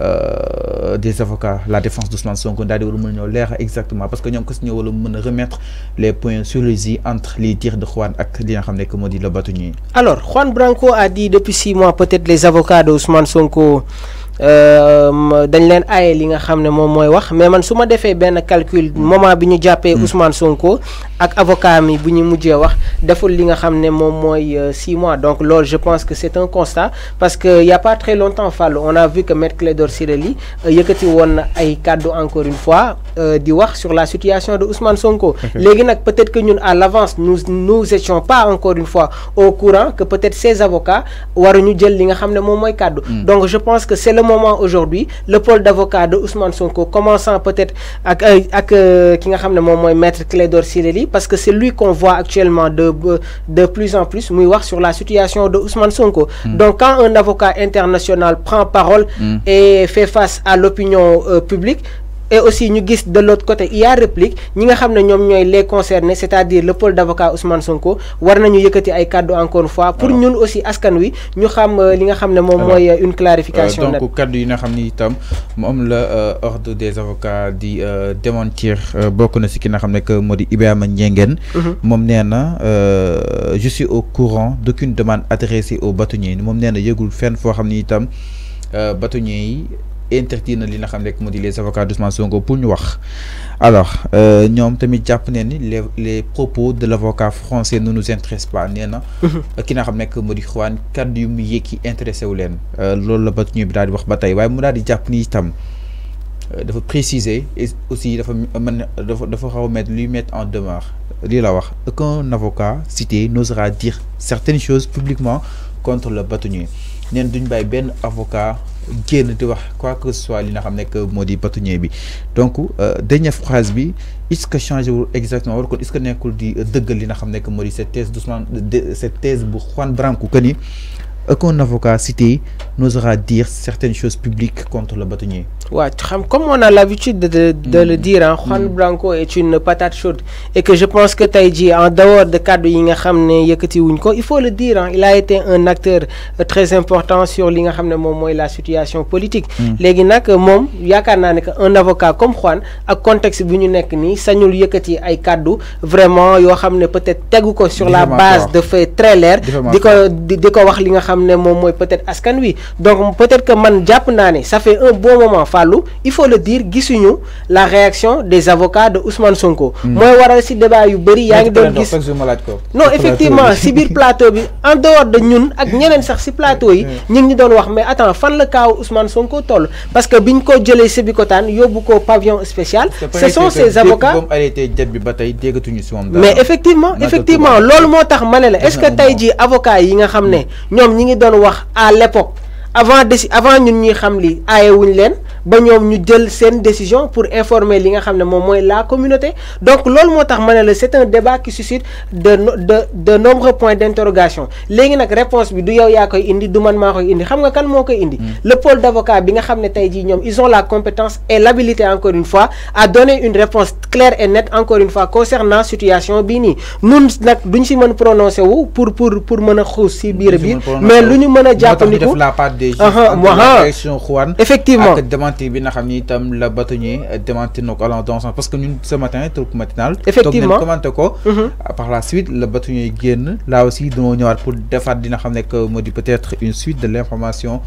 Euh, des avocats la défense d'Ousmane Sonko l'air exactement parce que nous avons remettre les points sur les i entre les tirs de Juan et les tirs de Juan. alors Juan Branco a dit depuis six mois peut-être les avocats d'Ousmane Sonko euh, dañ leen ayé li nga xamné mom moy wax mais man suma défé ben calcul moment biñu jappé hmm. Ousmane Sonko ak avocat mi buñu mujjé wax deful li nga xamné mom moy 6 euh, six mois donc loolu je pense que c'est un constat parce que il y a pas très longtemps fall on a vu que Maître Clédor Ciré Ly euh, yëkkati ay cadeau encore une fois di wax sur la situation de Ousmane Sonko. légui nak peut-être que ñun à l'avance nous nous étions pas encore une fois au courant que peut-être ces avocats ñu jël li nga xamné mom moy cadeau hmm. donc je pense que c'est le moment aujourd'hui le pôle d'avocat de Ousmane Sonko commençant peut-être à que euh, euh, ki le moment maître Clé parce que c'est lui qu'on voit actuellement de euh, de plus en plus mouy sur la situation de Ousmane Sonko hmm. donc quand un avocat international prend parole hmm. et fait face à l'opinion publique et aussi ñu gis de l'autre côté il y a réplique ñi nga xam ñom ñoy les concernés c'est-à-dire le pôle d'avocat Ousmane Sonko war nañu yëkëti ay cadeau encore fois pour ñun aussi askan wi ñu xam euh, li nga xam mom moy euh, une clarification euh, donc cadeau yi nga xamni itam mom la ordre des avocats di démentir bokku na ci ki nga xam que modi Ibrahima Ndiénguen mhm. mom nee je suis au courant d'aucune demande adressée au bâtonnier mom nee yegul fenn fo xamni itam bâtonnier yi interdit li nga xam nekk modi les avocats d'Ousmane Sonko pour ñu wax alors euh, ñom tamit japp ne ni les propos de l'avocat français ne nous intéressent pas nee na. ki nga xam nekk modi di Juan kaddu yu mu yeki intéressé wu euh loolu la ba bi daal wax ba tay waaye mu daal di japp ni itam euh, dafa préciser et aussi dafa mën dafa dafa xaw mettre lui mettre en demeure li la wax qu'un avocat cité n'osera dire certaines choses publiquement contre le bâtonnier Nien duñ bay ben avocat génn di wax quoi que ce soit li nga xam nekk moo di bi donc euh, dernière phrase bi est-ce que changé exactement wala kon est-ce que nekkul di dëggal li nga xam nekk moo cette thèse d'Ousmane cette thèse bu Juan Branco que ni qu'un avocat cité n'osera dire certaines choses publiques contre le bâtonnier. Ouais, comme on a l'habitude de, le mm. dire, hein, Juan mm. Blanco est une patate chaude. Et que je pense que Taïdi, en dehors de cadre il faut le dire, hein, il a été un acteur euh, très important sur la situation politique. Mmh. un avocat comme Juan, à contexte ça nous yëkëti ay vraiment il peut-être sur la base de faits très lairs diko diko wax xam ne moom peut-être askan wi donc peut-être que man japp naani ça fait un bon moment fallu il faut le dire gisuñu la réaction des avocats de Ousmane Sonko. moy hmm. waral si débat yu bari non effectivement si bir plateau bi en dehors de ñun ak ñeneen sax ci plateau yi ñu hmm. ñi ñu doon wax mais attends fan le cas Ousmane Sonko toll parce que biñ ko ci bicotan yóbbu ko pavillon spécial. ce sont ces avocats mais effectivement effectivement lool motax tax est-ce que tey avocat avocat yi nga xamné hmm. ñom ñi ngi doon wax à l'époque avant avant ñun ñi xam lii aayewuñ leen ba ñoom ñu jël décision pour informer li nga xam la communauté donc lool motax mané le c'est un débat qui suscite de de de nombreux points d'interrogation légui nak réponse bi du yow ya koy indi du man maa koy indi xam nga kan koy indi hmm. le pôle d'avocats bi nga xam tay ji ils ont la compétence et l'habilité encore une fois à donner une réponse claire et nette encore une fois concernant situation bini ni nun nak duñ ci mën prononcer wu pour pour pour mën aussi ci bi mais luñu ñu mën a la effectivement et la parce que ce matin matinal effectivement mhm. ah, par la suite le bâtonnier là aussi nous pour que peut être une suite de l'information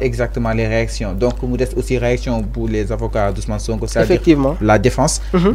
exactement les réactions donc nous aussi réaction pour les avocats de ce cest effectivement la défense mhm.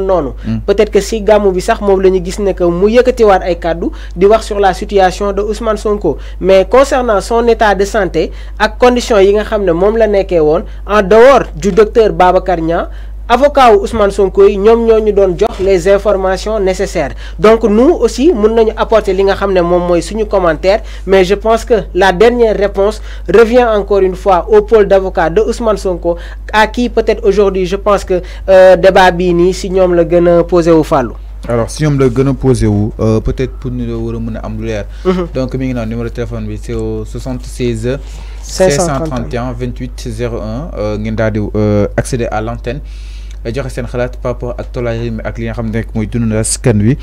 non peut-être que si gamme bi sax mom lañu ñu gis ne que mu yëkkatiwaat ay cadeau di wax sur la situation de Ousmane Sonko mais concernant son état de santé ak condition yi nga xamné mom la nekkee en dehors du docteur Babacar Niang avocat Ousmane Sonko nous avons ñoo les informations nécessaires donc nous aussi nous nañu apporter li nga xamné commentaire mais je pense que la dernière réponse revient encore une fois au pôle d'avocat de Ousmane Sonko à qui peut-être aujourd'hui je pense que euh, débat est ni si ñom la gëna posé wu alors si vous la gëna poser posé euh, peut-être pour nous la war mhm. donc mi ngi na numéro téléphone c'est au 76 531 28 01 accéder à l'antenne joxe seen xalaat par rapport ak tolluwaay ak li nga xam ne rek mooy dund askan wi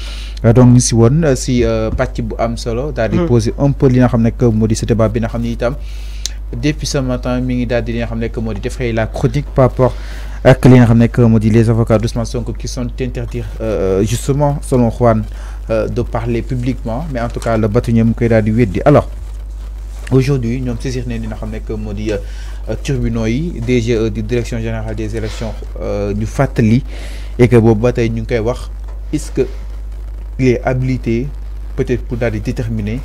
donc ñu si woon euh, si euh, pàcc bu am solo. daal di hmm. poser un peu li nga xam ne que moo di ce débat bi nga xam ne itam depuis ce matin mi ngi daal di li nga xam ne que moo di la chronique par rapport. ak li nga xam ne moo di les avocats d'Ousmane Sonko qui sont interdits euh, justement selon Juan de parler publiquement mais en tout cas le bâtonnier mu koy daal di weddi alors aujourd'hui nous sommes en train de xam ne moo euh, tribunaux yi DGE euh, direction générale des élections du euh, FATLI et que vous ba nous ñu est-ce que les est habilité peut-être pour d'aller déterminer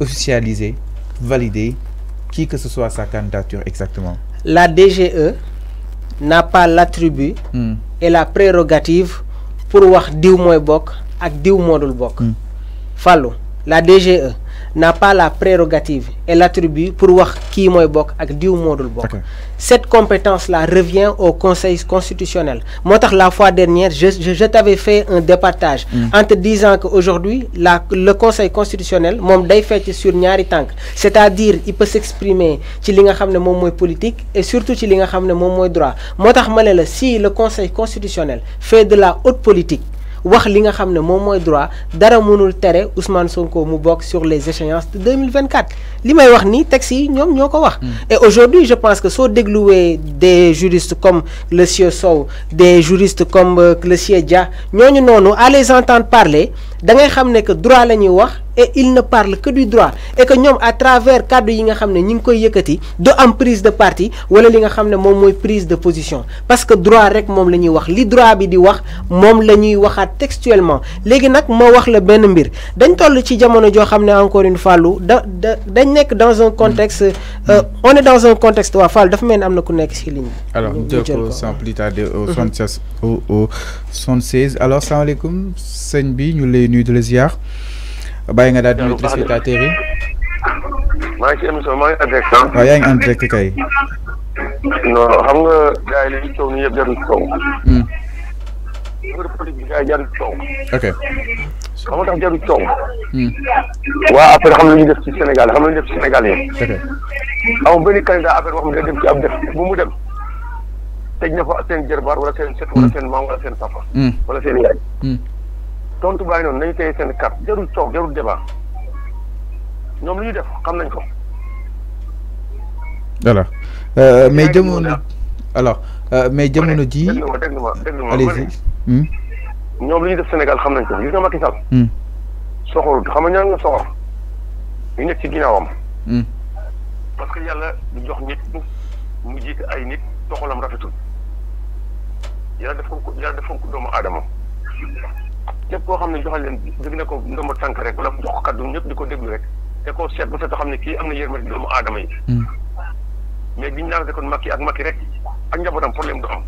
officialiser valider qui que ce soit sa candidature exactement. la DGE n'a pas l'attribut hmm. et la prérogative pour wax diw mooy et ak diw moodul bokk. Hmm. Fallou la DGE n'a pas la prérogative et l'attribut pour voir qui moy bok ak est modul cette compétence là revient au conseil constitutionnel Moi, la fois dernière je, t'avais fait un départage mm. en te disant qu'aujourd'hui le conseil constitutionnel fait sur c'est-à-dire il peut s'exprimer sur li nga politique et surtout sur li nga droit motax si le conseil constitutionnel fait de la haute politique wax li nga xam droit dara Ousmane Sonko mu sur les échéances de 2024 li wax hmm. et aujourd'hui je pense que soo dégluwee des juristes comme le sieur Sow des juristes comme le euh, sieur Dia ñooñu à les entendre parler da ngay que droit lañuy wax et il ne parle que du droit et que ñom à travers cadre yi nga xam ñing koy yëkëti do am prise de parti wala li nga de mom moy prise de position parce que droit rek mon lañuy wax li droit bi di wax mom lañuy waxat textuellement légui nak mo wax le benn mbir dañ toll ci jamono jo xam encore une fois lu d'un dañ nek dans un contexte mm. Euh, mm. on est dans un contexte wa Fall dafa mel ni am ku nek ci ligne alors de sans plus tarder au 76 mm-hmm. au 76 alors salaamaaleykum seigne bi ñu lay. nuyu di la bàyyi nga daal di nuyu téléspectateurs yi. maa ngi ci émission maa ngi en direct ah. yaa ngi en direct kay. non xam nga gars yi li ñu coow nii yëpp jarul coow. Hmm. affaire politique ok. xam nga tax jarul coow. Hmm. waa affaire xam nañu def ci Sénégal xam nañu def ci Sénégal yëpp. ok xam ne day dem ci ab def bu mu dem. tëj na fa seen jërbaar wala seen set wala hmm. seen maam wala seen papa. wala seen yaay. tontu bàyyi noonu nañu tey seen carte jarul coow jarul débat ñoom lu ñu def xam nañ ko. voilà euh, mais jamono alors euh, mais jamono ji. dégg nga dégg ma dégg ma allez-y hmm? ñoom lu ñu def Sénégal xam nañ ko gis nga Macky Sall. Hmm. soxorut xam nga ñaan nga soxor. ñu nekk ci ginnaawam. Hmm. parce que yàlla du jox nit mu jiite ay nit soxolam rafetul yàlla def ko yàlla doomu aadama. képp koo xam ne joxal leen dëgg na ko ndomba tànk rek wala mu jox kaddu ñëpp di ko déglu rek te koo seet ba seet xam ne kii am na yërmande doomu aadama yi. Mm. mais biñ naan kon Macky ak Macky rek ak njabootam problème du am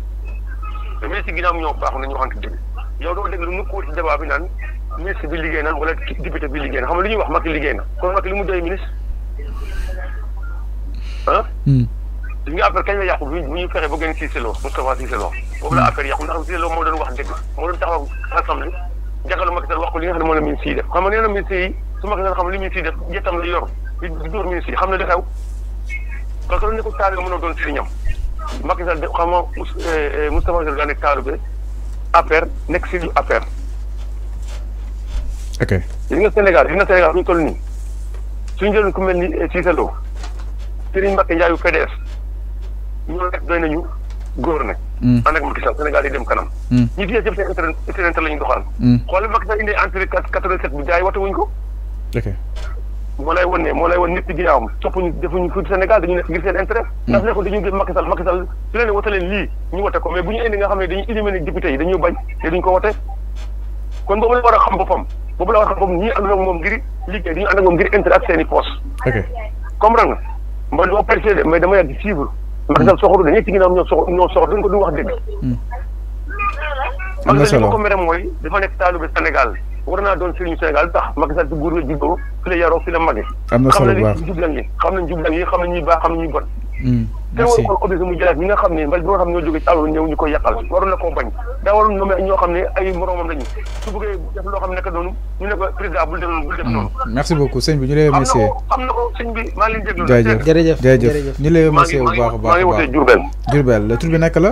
te ministre ñoo baaxul na ñu waxante dëgg yow doo déglu nu ko ci débat bi naan ministre bi liggéey na wala député bi liggéey na xam nga li ñuy wax Macky liggéey na kon Macky li doy ministre ah. gis nga affaire kañ la yàqu bu ñu fexe ba gën Cissé Lo Moustapha Cissé Lo boobu la affaire yàqu ndax Cissé Lo moo doon wax dëgg moo doon taxaw assemblée jàkkaarloo Macky Sall wax ko li nga xam ne moom la ministre yi def xam nga nee na ministre yi su Macky Sall xam li ministre yi def jettam la yor di dóor ministre yi xam ne da xew parce que loolu nekkul taalibe mënoo doon sëriñam Macky Sall de xam nga Moustapha Cissé Lo daa nekk taalibe affaire nekk sëriñu affaire ok li nga Sénégal li nga Sénégal suñu toll nii suñu jëloon ku mel ni Cissé Lo Serigne Mbacké Ndiaye yu PDS ñoo def doy nañu góor nag. Mm. ànd ak Macky Sall Sénégal day dem kanam. Mm. ñi dee jëm seen intérêt seen intérêt la ñu doxal. Mm. xoolal Macky Sall ko. ok moo lay wan ne moo lay wan nit ci ginnaawam toppuñu defuñu fi Sénégal dañu nekk ngir seen intérêt. ndax nekkoon dañuy gis Macky Sall Macky Sall su leen ko mais bu ñu indi nga xam ne dañuy éliminé député yi dañuy bañ te duñ ko wote. kon boobu la war a xam boppam boobu la war a xam boppam ñi ànd ak moom ngir liggéey dañu ànd ak moom ngir intérêt ak seen i poste. ok comprendre nga man dama persévéré mais dama yàgg Macky Sall soxoru dañuy ci ginnaaw ñoo soxor ñoo soxor duñ ko duñ wax dëgg. am na solo ko mere mooy dafa nekk taalibe Sénégal war naa doon sëriñu Sénégal tax Macky Sall ci góor la juddoo fi la yaroo fi la mage. am na solo bu baax xam nañ jublan yi xam nañ jublan yi xam nañ ñuy baax xam nañ ñuy bon. kenn waru ko obliger mu jëlaat ne mbal bi xam ne ñu koy yàqal waroon na compagne daa waroon nommé ñoo xam ne ay moromam lañu su bëggee loo xam ne nekk noonu ñu ne ko président bul def noonu bul def noonu mm. merci beaucoup sëñ na ko sëñ bi maa ngi di déglu jërëjëf bu baax a baax maa ngi wootee Diourbel Diourbel tur bi naka la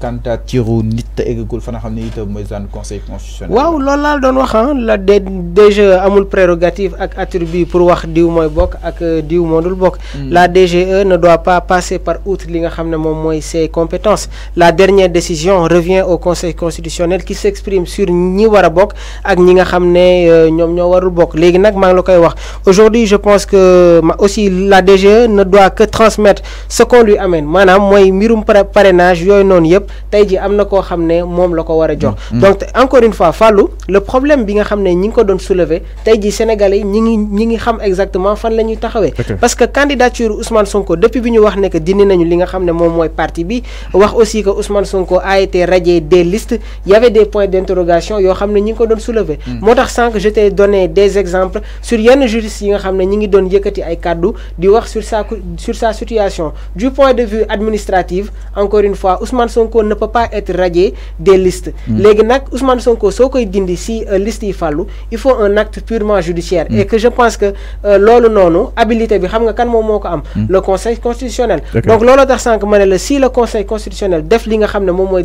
candidature nit eggagul fa nga xam ne itam mooy conseil constitutionnel. waaw loolu laa doon wax ah la DGE amul prérogative ak attribut pour wax diw mooy bokk ak euh, diw moo dul bokk. Hmm. la DGE ne doit pas passer par outre li nga xam ne ses compétences la dernière décision revient au conseil constitutionnel qui s'exprime sur ñi war a bokk ak ñi nga xam ne euh, ñoo warul ngi la koy wax aujourd'hui je pense que aussi la DGE ne doit que transmettre ce qu'on lui amène maanaam mooy mbirum parrainage yooyu noonu yep tey amna ko na mom xam ne la ko jox mm, mm. donc encore une fois fallu le problème bi nga xam ne ñi ko doon soulever tey sénégalais yi ñi ngi ñi ngi xam exactement fan la taxawé parce que candidature Ousmane Sonko depuis biñu wax né que dindi nañu li nga xam mom moy parti bi wax aussi que Ousmane Sonko a été radié des listes y avait des points d'interrogation yo xam ne ñi ngi ko doon soulever mm. motax sank je t'ai donné des exemples sur yenn juristes yi nga xam ne ñi ngi doon yëkkati ay cadeau di wax sur sa sur sa situation du point de vue administratif encore une fois Ousmane Sonko ne peut pas être radié des listes. Hmm. les nag Ousmane Sonko soo que dindi si euh, liste yi fallu, il faut un acte purement judiciaire. Hmm. et que je pense que euh, loolu noonu habilité bi xam hmm. le conseil constitutionnel. donc looloo tax sànq si le conseil constitutionnel def li nga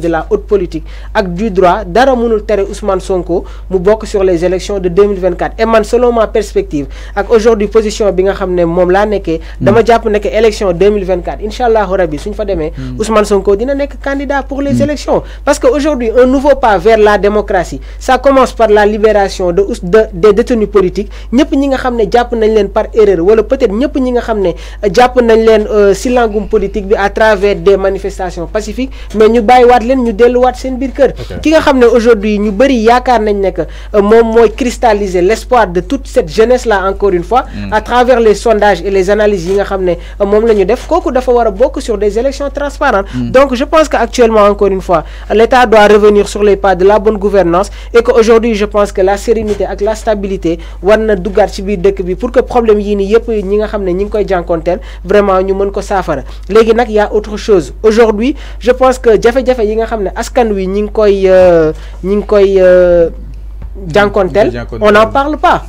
de la haute politique ak du droit dara mënul tere Ousmane Sonko mu sur les élections de 2024 et man selon ma perspective ak aujourd'hui position bi nga xam ne moom laa nekkee. dama que élection 2024 Inshallah allahu une suñ fa Ousmane Sonko dina nekk candidat pour les hmm. élections. Parce qu'aujourd'hui, un nouveau pas vers la démocratie, ça commence par la libération de, de des détenus politiques. Nous savons par erreur, ou peut-être nous savons silangum politique à travers des manifestations pacifiques, mais nous avons nous délouat sen bir qui ki nga xamné aujourd'hui ñu bari yaakar nañ nek euh, mom moy cristalliser l'espoir de toute cette jeunesse là encore une fois hmm. à travers les sondages et les analyses yi nga xamné euh, mom lañu def koku dafa wara beaucoup sur des élections transparentes hmm. donc je pense que actuellement, encore une fois, l'État doit revenir sur les pas de la bonne gouvernance et qu'aujourd'hui, je pense que la sérénité et la stabilité, pour que le problème, vraiment, nous légui nak Il y a autre chose. Aujourd'hui, je pense que Jafé Jafé, askan wi ñing koy euh, ñing koy euh, jankontel on n'en parle pas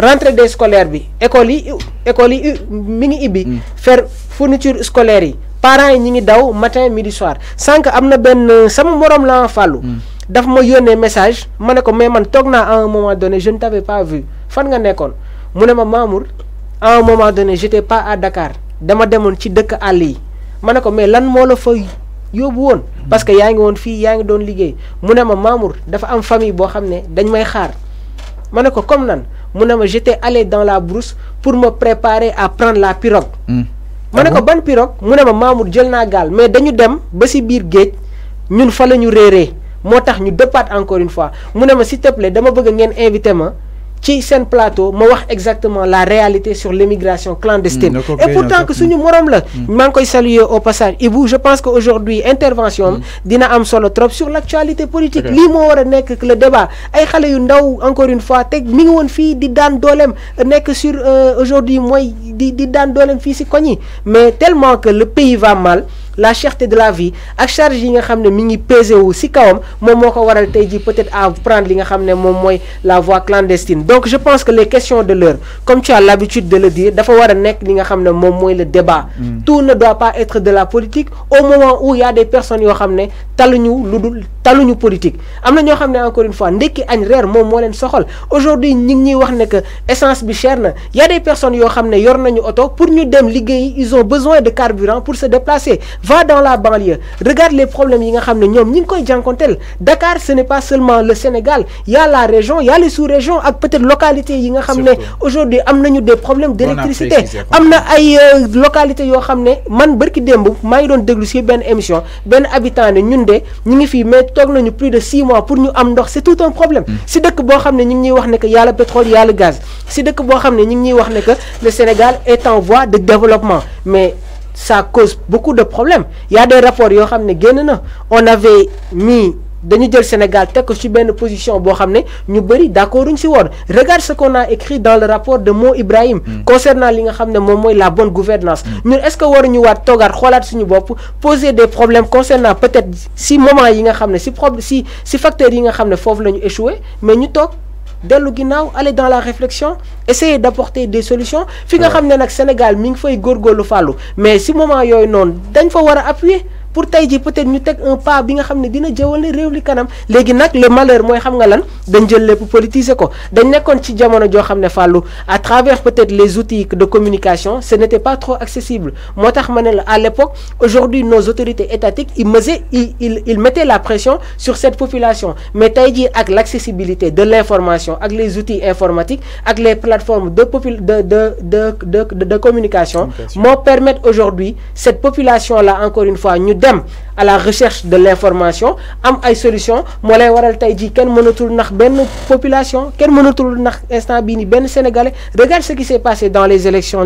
rentrée des scolaires bi école yi école yi mm. faire fourniture scolaire yi parents ñi ngi daw matin midi soir sank amna ben benn sama morom la fallu hmm. daf ma yone message mané ko mais man à un moment donné je ne t'avais pas vu fan nga Mon mune ma Mamour à un moment donné j'étais pas à Dakar dama demoon ci deuk àll mané ko mais lan mo la fay yóbbu won hmm. parce que y a une fii yaa ngi doon liggéey mu ma Mamour dafa am famille bo xamné dañ may xaar mané ko comme nan mune ma j'étais allé dans la brousse pour me préparer à prendre la pirogue hmm. ma ne ko ah. ban pirogue mu ne ma Mamour jël naa gaal mais dañu dem ba si biir géej ñun fa la ñu réeree moo tax ñu dëppaat encore une fois mu ne ma s'il te dama bëgg ngeen invité ma ci un plateau ma wax exactement la réalité sur l'immigration clandestine mm, et pourtant que suñu morom la mm. maa ngi koy saluer au passage et vous je pense que aujourd'hui intervention mm. dina am solo trop sur l'actualité politique li mo wara nek que le débat ay xalé yu ndaw encore une fois tek mi ngi won fi di daan dooleem nek sur euh, aujourd'hui moy di di daan dooleem fii si koñi mais tellement que le pays va mal la cherté de la vie ak charge yi nga xamné mi ngi pesé wu si kawam mom moko waral tey peut-être à prendre li nga xamné mom moy la voie clandestine donc je pense que les questions de l'heure comme tu as l'habitude de le dire dafa wara nek li nga xamné mom moy le débat mm. tout ne doit pas être de la politique au moment où il y a des personnes yo xamné ne taluñu ludul taluñu politique amna ño xamné encore une fois ndekki agn reer mom mo len soxal aujourd'hui ñi ngi wax nek que essence bi cher na y a des personnes yo xamné ne yor nañu auto pour ñu dem liggéey ils ont besoin de carburant pour se déplacer va dans la banlieue regarde les problèmes yi nga xam ne Dakar ce n'est pas seulement le Sénégal il y a la région il y a les sous-régions ak peut-être localités yi nga aujourd'hui nous avons des problèmes d'électricité y a des localités yoo xam man bërki démb maa ngi émission un habitant ñun de ñu ngi fii mais plus de 6 mois pour nous amener, c'est tout un problème hmm. si dëkk boo xam ne ñu a le wax y que le pétrole gaz si dëkk boo xam ne que le Sénégal est en voie de développement mais ça cause beaucoup de problèmes il y a des rapports yoo xam ne on avait mis dañu jël Sénégal tel que ci suis position en position, nous ñu d'accord regarde ce qu'on a écrit dans le rapport de Mo Ibrahim mm. concernant la bonne gouvernance mm. est-ce que nous waat posé poser des problèmes concernant peut-être si moment yi nga si problème si si facteurs yi nga mais nous avons dellu ginnaaw aller dans la réflexion essayer d'apporter des solutions fi nga xamné nak Sénégal mi ngi fay góorgóorlu fàllu mais si moment yoy non dañ fa wara appuyer pour tey peut-être ñu tek un pas bi nga xamné ne dina jëwale réew li kanam légui nak le malheur moy xam nga lan dañ jël lépp politiser ko dañ nekkoon ci jamono jo xamné fallu à travers peut-être les outils de communication ce n'était pas trop accessible motax mané à l'époque aujourd'hui nos autorités étatiques ils mesaient ils ils mettaient la pression sur cette population mais tey ji ak l'accessibilité de l'information ak les outils informatiques ak les plateformes de de de de de de communication m'ont permettre aujourd'hui cette population là encore une fois ñu à la recherche de l'information am ay solution mo lay waral tay ji ken mënatul nax population ken mënatul nax instant bi ni sénégalais regarde ce qui s'est passé dans les élections